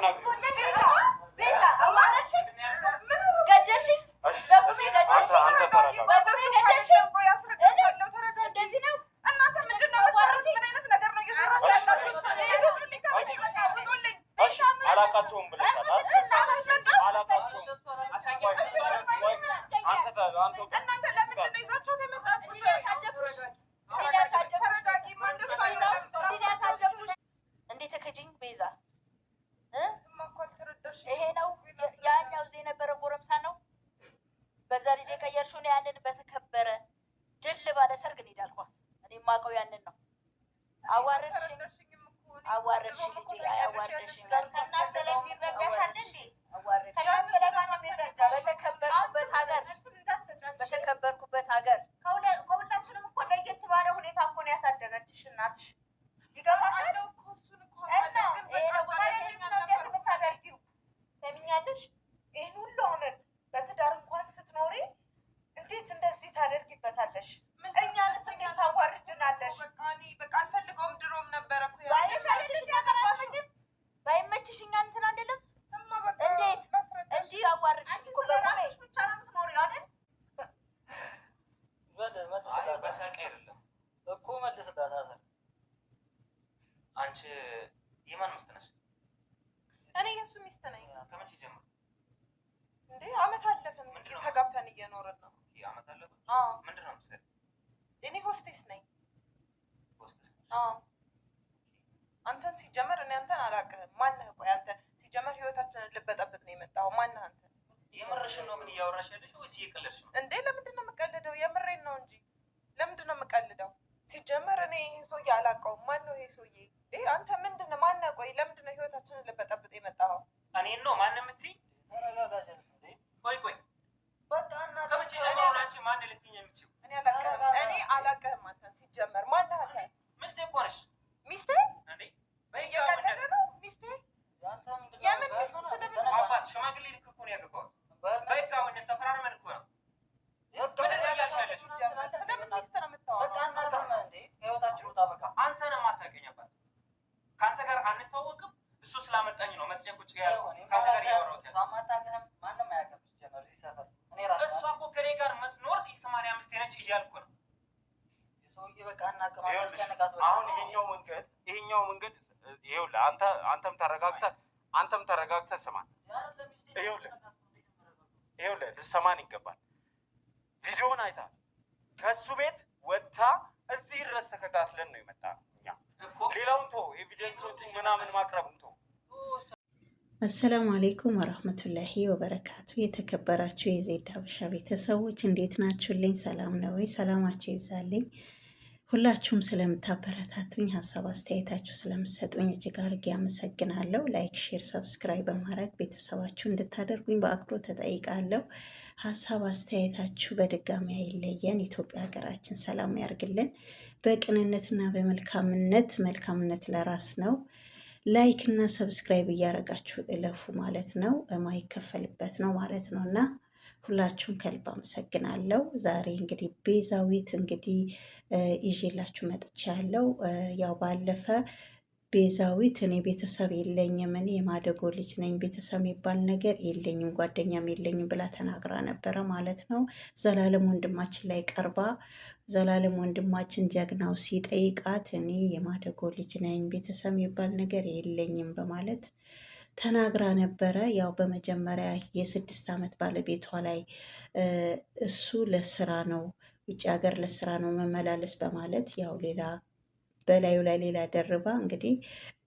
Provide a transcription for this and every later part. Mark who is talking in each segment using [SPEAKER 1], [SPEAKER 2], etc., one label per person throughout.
[SPEAKER 1] not ሚስት ነሽ? እኔ የእሱ ሚስት ነኝ። ከመቼ ጀምሮ እንዴ? አመት አለፈን ተጋብተን እየኖርን ነው። አመት አለፈን? ምንድን ነው የምትሰሪው? እኔ ሆስቴስ ነኝ። ሆስቴስ? አንተን ሲጀመር እኔ አንተን አላውቅህም። ማነህ? ቆይ አንተ ሲጀመር ህይወታችንን ልበጠብጥ ነው የመጣው። ማነህ አንተ?
[SPEAKER 2] የምርሽን ነው? ምን እያወራሽ ያለሽ? ወይስ እየቀለድሽ ነው?
[SPEAKER 1] እንዴ ለምንድን ነው የምቀልደው? የምሬን ነው እንጂ ለምንድን ነው የምቀልደው? ሲጀመር እኔ ይህን ሰውዬ አላውቀውም። ማን ነው ይሄ ሰውዬ? ይህ አንተ ምንድን ነው? ማነህ? ቆይ ለምንድን ነው ህይወታችንን ልበጠብጥ የመጣኸው?
[SPEAKER 2] እኔን ነው ማንም የምትይኝ? ቆይ ቆይ ከመጥቼ ቁጭ ጋር ከአንተ ጋር እያወራሁት ከኔ ጋር መትኖር ሰማንያ አምስት ነች እያልኩ ነው። አሁን ይሄኛው መንገድ ይሄኛው መንገድ ይኸውልህ፣ አንተ አንተም ተረጋግተህ አንተም ተረጋግተህ ስማን ይኸውልህ ይኸውልህ ልትሰማን ይገባል። ቪዲዮውን አይተሃል። ከእሱ ቤት ወጥታ እዚህ ድረስ ተከታትለን ነው የመጣ ነው እኛ። ሌላውን ተወው፣ ኤቪደንሶችን ምናምን ማቅረብ
[SPEAKER 1] አሰላሙ አሌይኩም ወራህመቱላሂ ወበረካቱ። የተከበራችሁ የዜድ ሀበሻ ቤተሰቦች እንዴት ናችሁልኝ? ሰላም ነው ወይ? ሰላማችሁ ይብዛልኝ። ሁላችሁም ስለምታበረታቱኝ፣ ሀሳብ አስተያየታችሁ ስለምሰጡኝ እጅግ አድርጌ አመሰግናለሁ። ላይክ፣ ሼር፣ ሰብስክራይብ በማድረግ ቤተሰባችሁ እንድታደርጉኝ በአክብሮት ተጠይቃለሁ። ሀሳብ አስተያየታችሁ በድጋሚ አይለየን። ኢትዮጵያ ሀገራችን ሰላም ያርግልን። በቅንነትና በመልካምነት መልካምነት ለራስ ነው። ላይክ እና ሰብስክራይብ እያደረጋችሁ እለፉ ማለት ነው። የማይከፈልበት ነው ማለት ነው እና ሁላችሁም ከልብ አመሰግናለሁ። ዛሬ እንግዲህ ቤዛዊት እንግዲህ ይዤላችሁ መጥቻ ያው ባለፈ ቤዛዊት እኔ ቤተሰብ የለኝም፣ እኔ የማደጎ ልጅ ነኝ፣ ቤተሰብ የሚባል ነገር የለኝም፣ ጓደኛም የለኝም ብላ ተናግራ ነበረ ማለት ነው። ዘላለም ወንድማችን ላይ ቀርባ ዘላለም ወንድማችን ጀግናው ሲጠይቃት እኔ የማደጎ ልጅ ነኝ፣ ቤተሰብ የሚባል ነገር የለኝም በማለት ተናግራ ነበረ። ያው በመጀመሪያ የስድስት ዓመት ባለቤቷ ላይ እሱ ለስራ ነው ውጭ ሀገር ለስራ ነው መመላለስ በማለት ያው ሌላ በላዩ ላይ ሌላ ደርባ እንግዲህ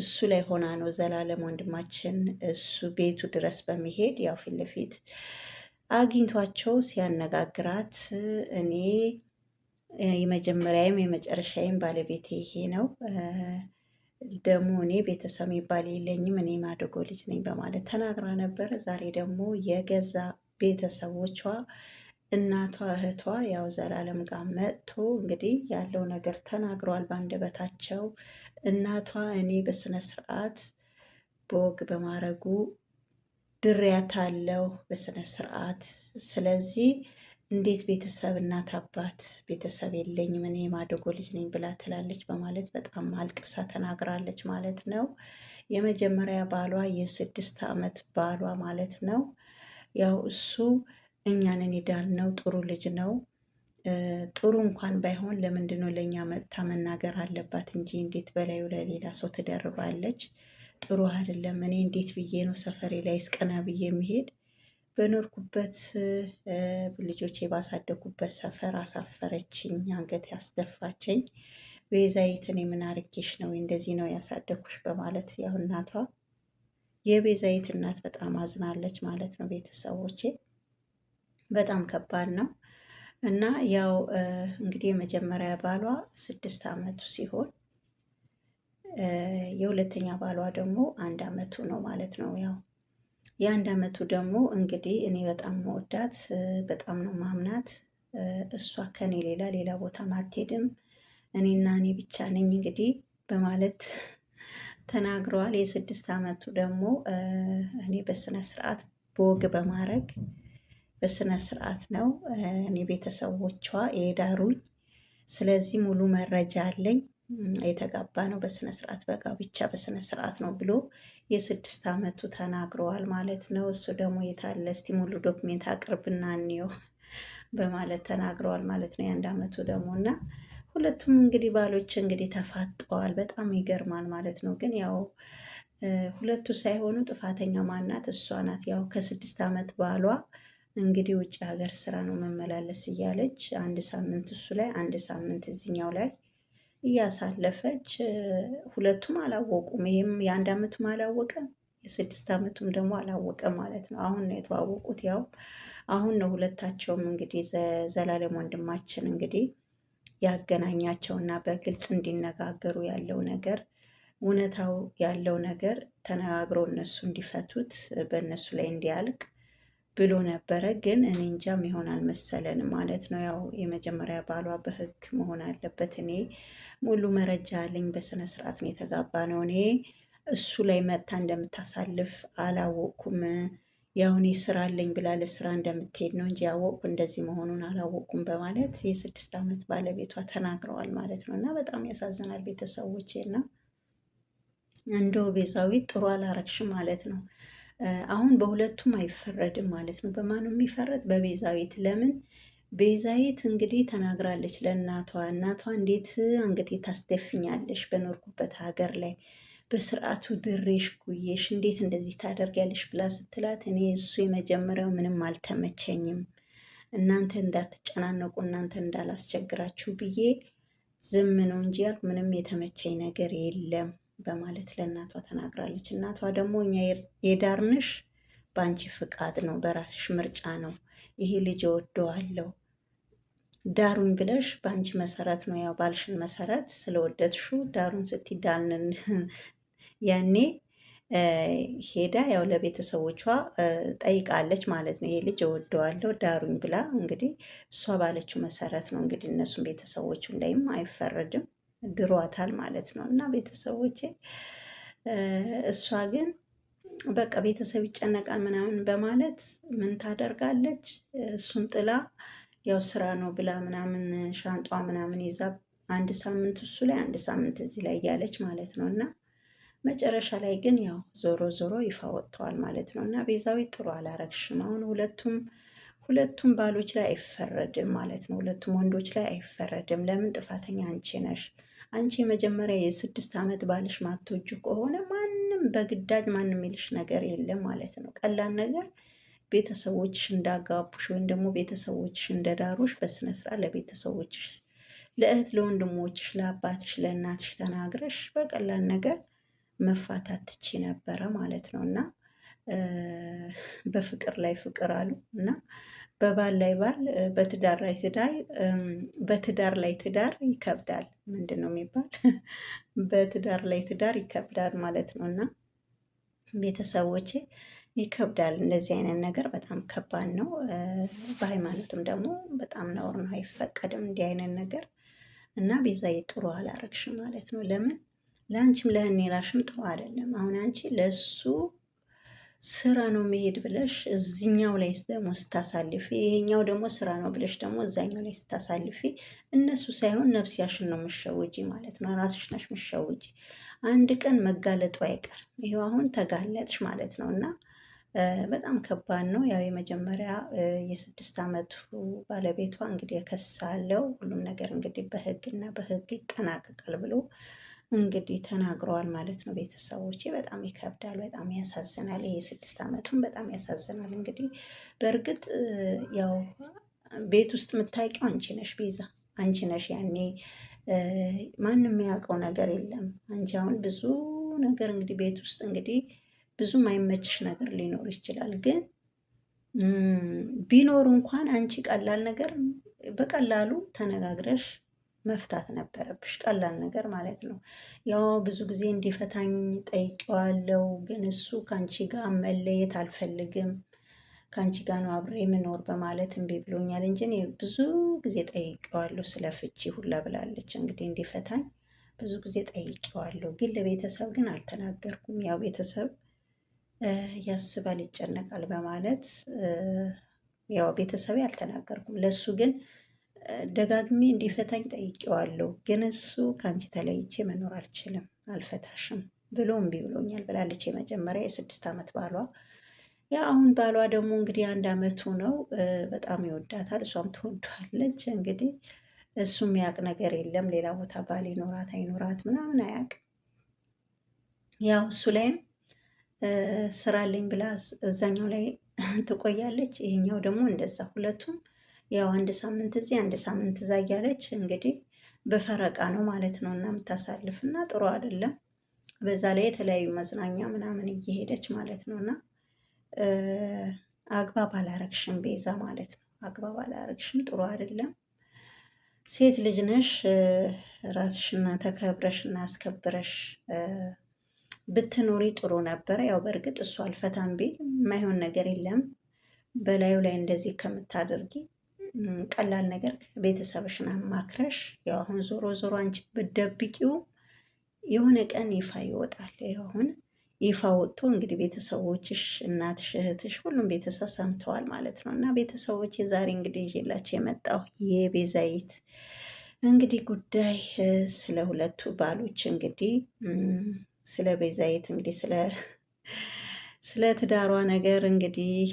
[SPEAKER 1] እሱ ላይ ሆና ነው ዘላለም ወንድማችን እሱ ቤቱ ድረስ በመሄድ ያው ፊት ለፊት አግኝቷቸው ሲያነጋግራት እኔ የመጀመሪያዬም የመጨረሻዬም ባለቤቴ ይሄ ነው ደግሞ እኔ ቤተሰብ የሚባል የለኝም፣ እኔ ማደጎ ልጅ ነኝ በማለት ተናግራ ነበር። ዛሬ ደግሞ የገዛ ቤተሰቦቿ እናቷ እህቷ ያው ዘላለም ጋር መጥቶ እንግዲህ ያለው ነገር ተናግረዋል በአንደበታቸው። እናቷ እኔ በስነ ስርዓት በወግ በማረጉ ድሬያታለሁ በስነ ስርዓት። ስለዚህ እንዴት ቤተሰብ እናት አባት ቤተሰብ የለኝም እኔ የማደጎ ልጅ ነኝ ብላ ትላለች በማለት በጣም አልቅሳ ተናግራለች ማለት ነው። የመጀመሪያ ባሏ የስድስት ዓመት ባሏ ማለት ነው ያው እሱ እኛንን ነው ጥሩ ልጅ ነው። ጥሩ እንኳን ባይሆን ለምንድን ነው ለእኛ መጥታ መናገር አለባት እንጂ እንዴት በላዩ ላይ ሌላ ሰው ትደርባለች? ጥሩ አይደለም። እኔ እንዴት ብዬ ነው ሰፈሬ ላይ እስቀና ብዬ የሚሄድ በኖርኩበት ልጆቼ ባሳደኩበት ሰፈር አሳፈረችኝ፣ አንገት ያስደፋችኝ ቤዛይትን የምናርጌሽ ነው እንደዚህ ነው ያሳደኩሽ? በማለት ያው እናቷ የቤዛይት እናት በጣም አዝናለች ማለት ነው ቤተሰቦቼ በጣም ከባድ ነው እና ያው እንግዲህ የመጀመሪያ ባሏ ስድስት ዓመቱ ሲሆን የሁለተኛ ባሏ ደግሞ አንድ ዓመቱ ነው ማለት ነው። ያው የአንድ ዓመቱ ደግሞ እንግዲህ እኔ በጣም መወዳት በጣም ነው ማምናት። እሷ ከኔ ሌላ ሌላ ቦታ ማትሄድም እኔና እኔ ብቻ ነኝ እንግዲህ በማለት ተናግረዋል። የስድስት ዓመቱ ደግሞ እኔ በስነ ስርዓት በወግ በማድረግ በስነ ስርዓት ነው። እኔ ቤተሰቦቿ የዳሩኝ። ስለዚህ ሙሉ መረጃ አለኝ። የተጋባ ነው በስነ ስርዓት በጋብቻ በስነ ስርዓት ነው ብሎ የስድስት ዓመቱ ተናግረዋል ማለት ነው። እሱ ደግሞ የታለ እስቲ ሙሉ ዶክሜንት አቅርብና እንየው በማለት ተናግረዋል ማለት ነው። የአንድ ዓመቱ ደግሞ እና ሁለቱም እንግዲህ ባሎች እንግዲህ ተፋጠዋል። በጣም ይገርማል ማለት ነው። ግን ያው ሁለቱ ሳይሆኑ ጥፋተኛ ማናት? እሷ ናት። ያው ከስድስት ዓመት ባሏ እንግዲህ ውጭ ሀገር ስራ ነው መመላለስ እያለች አንድ ሳምንት እሱ ላይ አንድ ሳምንት እዚኛው ላይ እያሳለፈች ሁለቱም አላወቁም። ይሄም የአንድ አመቱም አላወቀ የስድስት አመቱም ደግሞ አላወቀ ማለት ነው። አሁን ነው የተዋወቁት። ያው አሁን ነው ሁለታቸውም እንግዲህ ዘላለም ወንድማችን እንግዲህ ያገናኛቸው እና በግልጽ እንዲነጋገሩ ያለው ነገር እውነታው ያለው ነገር ተነጋግረው እነሱ እንዲፈቱት በእነሱ ላይ እንዲያልቅ ብሎ ነበረ። ግን እኔ እንጃም የሚሆን አልመሰለንም ማለት ነው። ያው የመጀመሪያ ባሏ በህግ መሆን አለበት። እኔ ሙሉ መረጃ አለኝ። በስነ ስርዓት ነው የተጋባ ነው። እኔ እሱ ላይ መታ እንደምታሳልፍ አላወቅኩም። ያው እኔ ስራ አለኝ ብላ ለስራ እንደምትሄድ ነው እንጂ ያወቅኩ እንደዚህ መሆኑን አላወቅኩም በማለት የስድስት ዓመት ባለቤቷ ተናግረዋል ማለት ነው። እና በጣም ያሳዝናል ቤተሰቦቼ። እና እንደው ቤዛዊት ጥሩ አላረግሽ ማለት ነው። አሁን በሁለቱም አይፈረድም ማለት ነው። በማን የሚፈረድ? በቤዛዊት ለምን? ቤዛዊት እንግዲህ ተናግራለች ለእናቷ። እናቷ እንዴት አንገቴ ታስደፍኛለሽ? በኖርኩበት ሀገር ላይ በስርዓቱ ድሬሽ ጉዬሽ እንዴት እንደዚህ ታደርጊያለሽ? ብላ ስትላት እኔ እሱ የመጀመሪያው ምንም አልተመቸኝም፣ እናንተ እንዳትጨናነቁ፣ እናንተ እንዳላስቸግራችሁ ብዬ ዝም ነው እንጂ ያልኩ ምንም የተመቸኝ ነገር የለም በማለት ለእናቷ ተናግራለች። እናቷ ደግሞ እኛ የዳርንሽ በአንቺ ፍቃድ ነው፣ በራስሽ ምርጫ ነው፣ ይሄ ልጅ እወደዋለሁ ዳሩኝ ብለሽ በአንቺ መሰረት ነው ያው ባልሽን መሰረት ስለወደድሹ ዳሩን ስትዳልንን ያኔ ሄዳ ያው ለቤተሰቦቿ ጠይቃለች ማለት ነው። ይሄ ልጅ እወደዋለሁ ዳሩኝ ብላ እንግዲህ እሷ ባለችው መሰረት ነው እንግዲህ እነሱን ቤተሰቦቹ ላይም አይፈረድም። ድሯታል ማለት ነው። እና ቤተሰቦቼ እሷ ግን በቃ ቤተሰብ ይጨነቃል ምናምን በማለት ምን ታደርጋለች? እሱን ጥላ ያው ስራ ነው ብላ ምናምን ሻንጧ ምናምን ይዛ አንድ ሳምንት እሱ ላይ አንድ ሳምንት እዚህ ላይ እያለች ማለት ነው እና መጨረሻ ላይ ግን ያው ዞሮ ዞሮ ይፋ ወጥተዋል ማለት ነው እና ቤዛዊ ጥሩ አላረግሽም። አሁን ሁለቱም ሁለቱም ባሎች ላይ አይፈረድም ማለት ነው። ሁለቱም ወንዶች ላይ አይፈረድም። ለምን ጥፋተኛ አንቺ ነሽ። አንቺ የመጀመሪያ የስድስት ዓመት ባልሽ ማቶጁ ከሆነ ማንም በግዳጅ ማንም የሚልሽ ነገር የለም ማለት ነው። ቀላል ነገር ቤተሰቦችሽ እንዳጋቡሽ ወይም ደግሞ ቤተሰቦችሽ እንደዳሩሽ በስነስርዓት ለቤተሰቦችሽ፣ ለእህት ለወንድሞችሽ፣ ለአባትሽ፣ ለእናትሽ ተናግረሽ በቀላል ነገር መፋታት ትቺ ነበረ ማለት ነው እና በፍቅር ላይ ፍቅር አሉ እና በባል ላይ ባል፣ በትዳር ላይ ትዳር፣ በትዳር ላይ ትዳር ይከብዳል። ምንድን ነው የሚባል በትዳር ላይ ትዳር ይከብዳል ማለት ነው። እና ቤተሰቦቼ ይከብዳል። እንደዚህ አይነት ነገር በጣም ከባድ ነው። በሃይማኖትም ደግሞ በጣም ነውር ነው፣ አይፈቀድም እንዲህ አይነት ነገር እና ቤዛዬ ጥሩ አላረግሽ ማለት ነው። ለምን ለአንቺም ለህኔላሽም ጥሩ አይደለም። አሁን አንቺ ለሱ ስራ ነው መሄድ ብለሽ እዚኛው ላይ ደግሞ ስታሳልፊ፣ ይሄኛው ደግሞ ስራ ነው ብለሽ ደግሞ እዛኛው ላይ ስታሳልፊ፣ እነሱ ሳይሆን ነፍስሽን ነው ምሸውጂ ማለት ነው። ራስሽ ነሽ ምሸውጂ። አንድ ቀን መጋለጡ አይቀርም። ይሄው አሁን ተጋለጥሽ ማለት ነው። እና በጣም ከባድ ነው። ያው የመጀመሪያ የስድስት ዓመቱ ባለቤቷ እንግዲህ ከሳለው ሁሉም ነገር እንግዲህ በህግና በህግ ይጠናቀቃል ብሎ እንግዲህ ተናግረዋል ማለት ነው። ቤተሰቦቼ በጣም ይከብዳል፣ በጣም ያሳዝናል። ይሄ ስድስት ዓመቱን በጣም ያሳዝናል። እንግዲህ በእርግጥ ያው ቤት ውስጥ የምታውቂው አንቺ ነሽ ቤዛ፣ አንቺ ነሽ ያኔ ማንም የሚያውቀው ነገር የለም። አንቺ አሁን ብዙ ነገር እንግዲህ ቤት ውስጥ እንግዲህ ብዙ ማይመችሽ ነገር ሊኖር ይችላል። ግን ቢኖር እንኳን አንቺ ቀላል ነገር በቀላሉ ተነጋግረሽ መፍታት ነበረብሽ። ቀላል ነገር ማለት ነው። ያው ብዙ ጊዜ እንዲፈታኝ ጠይቄዋለሁ፣ ግን እሱ ከአንቺ ጋር መለየት አልፈልግም፣ ከአንቺ ጋር ነው አብሬ የምኖር በማለት እምቢ ብሎኛል እንጂ እኔ ብዙ ጊዜ ጠይቄዋለሁ ስለ ፍቺ ሁላ ብላለች። እንግዲህ እንዲፈታኝ ብዙ ጊዜ ጠይቄዋለሁ፣ ግን ለቤተሰብ ግን አልተናገርኩም። ያው ቤተሰብ ያስባል፣ ይጨነቃል በማለት ያው ቤተሰቤ አልተናገርኩም። ለሱ ግን ደጋግሜ እንዲፈታኝ ጠይቄዋለሁ፣ ግን እሱ ከአንቺ ተለይቼ መኖር አልችልም፣ አልፈታሽም ብሎ እምቢ ብሎኛል ብላለች። የመጀመሪያ የስድስት ዓመት ባሏ ያ አሁን ባሏ ደግሞ እንግዲህ አንድ አመቱ ነው። በጣም ይወዳታል፣ እሷም ትወዷለች። እንግዲህ እሱ ያቅ ነገር የለም ሌላ ቦታ ባል ይኖራት አይኖራት ምናምን አያቅ። ያው እሱ ላይም ስራልኝ ብላ እዛኛው ላይ ትቆያለች፣ ይሄኛው ደግሞ እንደዛ ሁለቱም ያው አንድ ሳምንት እዚህ አንድ ሳምንት እዛ እያለች እንግዲህ በፈረቃ ነው ማለት ነው እና የምታሳልፍ እና ጥሩ አይደለም። በዛ ላይ የተለያዩ መዝናኛ ምናምን እየሄደች ማለት ነው እና አግባብ አላረግሽም ቤዛ ማለት ነው። አግባብ አላረግሽም፣ ጥሩ አይደለም። ሴት ልጅ ነሽ። ራስሽና ተከብረሽ እና አስከብረሽ ብትኖሪ ጥሩ ነበረ። ያው በእርግጥ እሱ አልፈታም ቢል የማይሆን ነገር የለም። በላዩ ላይ እንደዚህ ከምታደርጊ ቀላል ነገር ቤተሰብሽን አማክረሽ ያው አሁን ዞሮ ዞሮ አንቺ ብደብቂው የሆነ ቀን ይፋ ይወጣል። ያው አሁን ይፋ ወጥቶ እንግዲህ ቤተሰቦችሽ፣ እናትሽ፣ እህትሽ ሁሉም ቤተሰብ ሰምተዋል ማለት ነው። እና ቤተሰቦች የዛሬ እንግዲህ ይዤላቸው የመጣው የቤዛይት እንግዲህ ጉዳይ ስለ ሁለቱ ባሎች እንግዲህ ስለ ቤዛይት እንግዲህ ስለ ስለ ትዳሯ ነገር እንግዲህ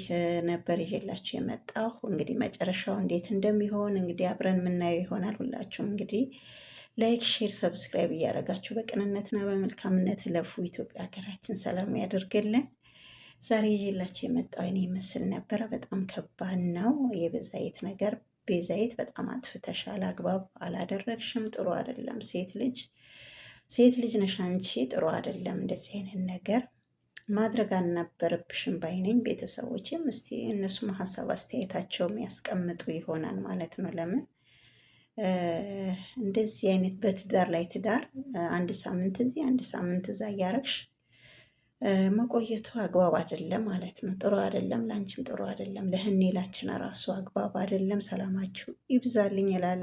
[SPEAKER 1] ነበር ይሄላችሁ የመጣው እንግዲህ መጨረሻው እንዴት እንደሚሆን እንግዲህ አብረን የምናየው ይሆናል። ሁላችሁም እንግዲህ ላይክ፣ ሼር፣ ሰብስክራይብ እያደረጋችሁ በቅንነትና በመልካምነት ለፉ ኢትዮጵያ ሀገራችን ሰላም ያደርግልን። ዛሬ ይሄላችሁ የመጣው እኔ ይመስል ነበረ። በጣም ከባድ ነው የበዛየት ነገር። ቤዛየት በጣም አጥፍተሻል፣ አግባብ አላደረግሽም፣ ጥሩ አይደለም። ሴት ልጅ ሴት ልጅ ነሽ አንቺ፣ ጥሩ አይደለም እንደዚህ አይነት ነገር ማድረግ አልነበረብሽም ባይነኝ ቤተሰቦችም እስቲ እነሱም ሀሳብ አስተያየታቸውም ያስቀምጡ ይሆናል ማለት ነው። ለምን እንደዚህ አይነት በትዳር ላይ ትዳር አንድ ሳምንት እዚህ አንድ ሳምንት እዛ እያረግሽ መቆየቱ አግባብ አይደለም ማለት ነው። ጥሩ አይደለም፣ ለአንቺም ጥሩ አይደለም፣ ለህኔላችን ራሱ አግባብ አይደለም። ሰላማችሁ ይብዛልኝ ይላል።